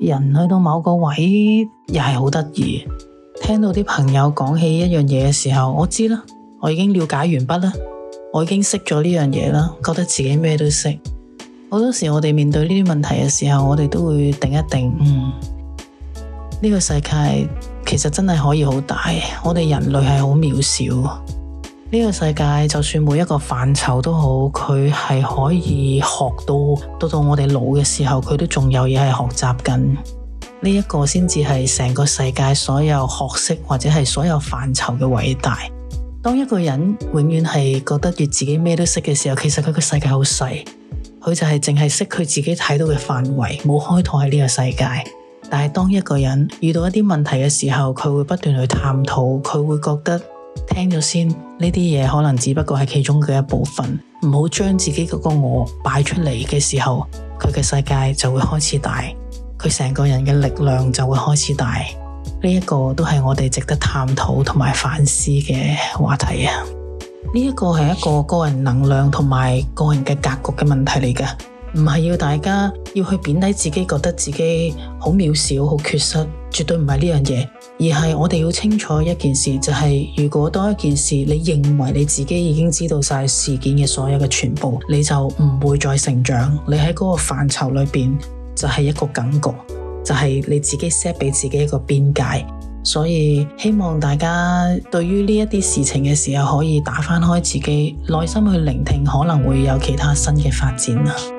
人去到某個位，又係好得意。聽到啲朋友講起一樣嘢嘅時候，我知啦，我已經了解完畢啦，我已經識咗呢樣嘢啦，覺得自己咩都識。好多時候我哋面對呢啲問題嘅時候，我哋都會定一定，嗯，呢個世界其實真係可以好大，我哋人類係好渺小。呢個世界，就算每一個範疇都好，佢係可以學到，到到我哋老嘅時候，佢都仲有嘢係學習緊。呢一個先至係成個世界所有學識或者係所有範疇嘅偉大。當一個人永遠係覺得越自己咩都識嘅時候，其實佢個世界好細，佢就係淨係識佢自己睇到嘅範圍，冇開拓喺呢個世界。但係當一個人遇到一啲問題嘅時候，佢會不斷去探討，佢會覺得。聽咗先，呢啲嘢可能只不過係其中嘅一部分。唔好將自己嗰個我擺出嚟嘅時候，佢嘅世界就會開始大，佢成個人嘅力量就會開始大。呢一個都係我哋值得探討同埋反思嘅話題啊！呢一個係一個個人能量同埋個人嘅格局嘅問題嚟㗎，唔係要大家要去貶低自己，覺得自己好渺小、好缺失，絕對唔係呢樣嘢。而係我哋要清楚一件事，就係如果當一件事你認為你自己已經知道晒事件嘅所有嘅全部，你就唔會再成長。你喺嗰個範疇裏邊就係一個感覺，就係你自己 set 俾自己一個邊界。所以希望大家對於呢一啲事情嘅時候，可以打翻開自己，耐心去聆聽，可能會有其他新嘅發展。